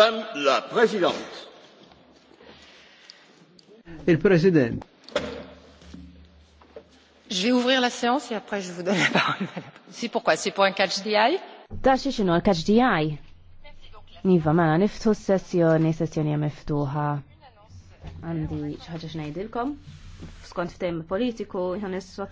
Madame la Présidente. Et le Président. Je vais ouvrir la séance et après je vous donne la parole. C'est pourquoi C'est pour un catch DI Da xi xinu catch DI. Niva ma mela, niftu sessjoni, sessjoni miftuħa. Għandi xi ħaġa xnajdilkom. Skont f-tem politiku, jħan